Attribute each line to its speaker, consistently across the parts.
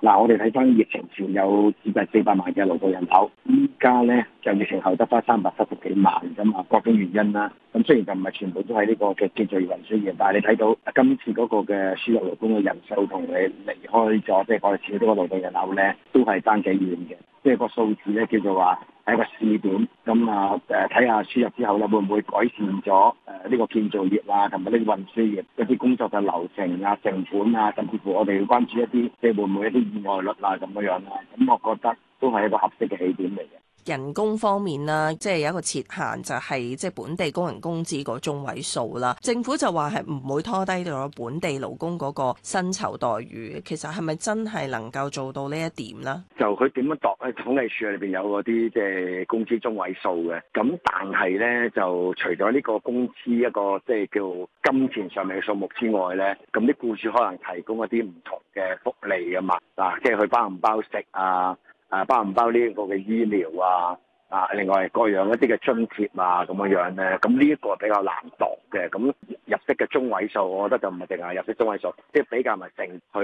Speaker 1: 嗱，我哋睇翻疫情前有接近四百萬嘅勞動人口，依家咧就疫情後得翻三百七十幾萬咁啊，各種原因啦。咁雖然就唔係全部都喺呢個嘅接載運輸業，但係你睇到今次嗰個嘅輸入勞工嘅人數同你離開咗即係過嚟此地嗰個勞動人口咧，都係爭幾遠嘅，即係個數字咧叫做話。係一個試點，咁啊，誒、呃，睇下輸入之後咧，會唔會改善咗誒呢個建造業啊，同埋呢個運輸業一啲工作嘅流程啊、成本啊，甚至乎我哋要關注一啲，即係會唔會一啲意外率啊咁樣咧、啊？咁我覺得都係一個合適嘅起點嚟嘅。
Speaker 2: 人工方面啦，即係有一個設限，就係即係本地工人工資個中位數啦。政府就話，係唔會拖低到本地勞工嗰個薪酬待遇。其實，係咪真係能夠做到呢一點咧？
Speaker 1: 就佢點樣度？統計處裏邊有嗰啲即係工資中位數嘅。咁但係咧，就除咗呢個工資一個即係叫金錢上面嘅數目之外咧，咁啲僱主可能提供一啲唔同嘅福利物啊嘛。嗱，即係佢包唔包食啊？啊，包唔包呢一個嘅醫療啊？啊，另外各樣一啲嘅津貼啊，咁樣樣咧，咁呢一個比較難度嘅，咁入息嘅中位數，呃，我覺得就唔係淨係入息中位數，即係比較咪成佢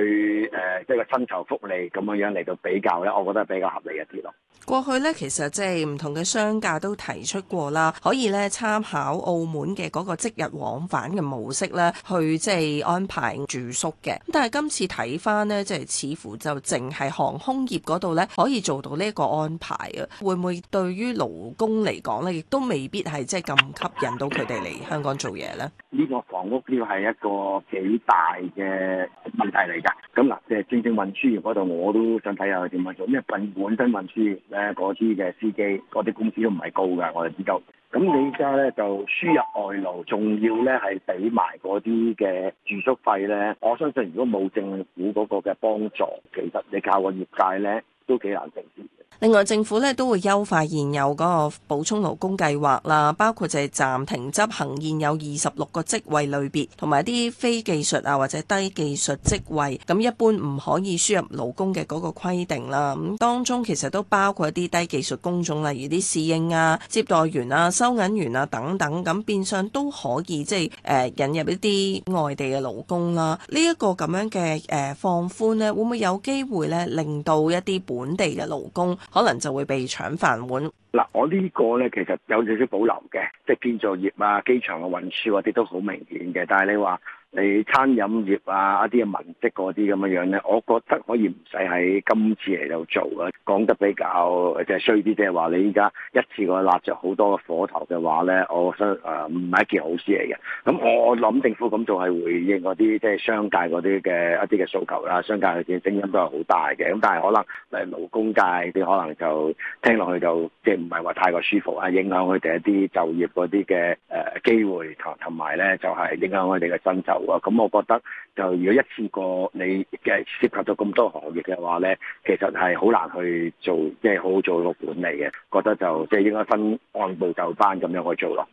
Speaker 1: 誒，即係個薪酬福利咁樣樣嚟到比較咧，我覺得係比較合理一啲咯。
Speaker 2: 過去咧，其實即係唔同嘅商界都提出過啦，可以咧參考澳門嘅嗰個即日往返嘅模式啦，去即係安排住宿嘅。但係今次睇翻咧，即係似乎就淨係航空業嗰度咧可以做到呢一個安排啊？會唔會對於勞工嚟講咧，亦都未必係即係咁吸引到佢哋嚟香港做嘢咧？呢個房屋
Speaker 1: 呢係一個幾大嘅問題嚟㗎，咁嗱，即係正正運輸業嗰度，我都想睇下佢點樣做。因為本本身運輸業咧，嗰啲嘅司機，嗰啲工資都唔係高㗎，我哋知道。咁你依家咧就輸入外勞，仲要咧係俾埋嗰啲嘅住宿費咧。我相信如果冇政府嗰個嘅幫助，其實你靠個業界咧都幾難成事。
Speaker 2: 另外，政府咧都會優化現有嗰個補充勞工計劃啦，包括就係暫停執行現有二十六個職位類別同埋啲非技術啊或者低技術職位，咁一般唔可以輸入勞工嘅嗰個規定啦。咁當中其實都包括一啲低技術工種，例如啲侍應啊、接待員啊、收銀員啊等等，咁變相都可以即係誒引入一啲外地嘅勞工啦。呢一個咁樣嘅誒放寬咧，會唔會有機會咧令到一啲本地嘅勞工，可能就會被搶飯碗。嗱，我呢個
Speaker 1: 呢其實有少少保留嘅，即係建造業啊、機場啊、運輸啲都好明顯嘅，但係你話，你餐飲業啊，一啲嘅文職嗰啲咁嘅樣咧，我覺得可以唔使喺今次嚟度做啊。講得比較即係衰啲，即係話你依家一次過立着好多個火頭嘅話咧，我覺得誒唔係一件好事嚟嘅。咁我諗政府咁做係回應嗰啲即係商界嗰啲嘅一啲嘅訴求啦，商界嘅聲音都係好大嘅。咁但係可能誒勞工界啲可能就聽落去就即係唔係話太過舒服啊，影響佢哋一啲就業嗰啲嘅誒機會同同埋咧就係、是、影響佢哋嘅薪酬。咁、嗯、我覺得就如果一次過你嘅涉及到咁多行業嘅話咧，其實係好難去做，即係好好做個管理嘅。覺得就即係應該分按部就班咁樣去做咯。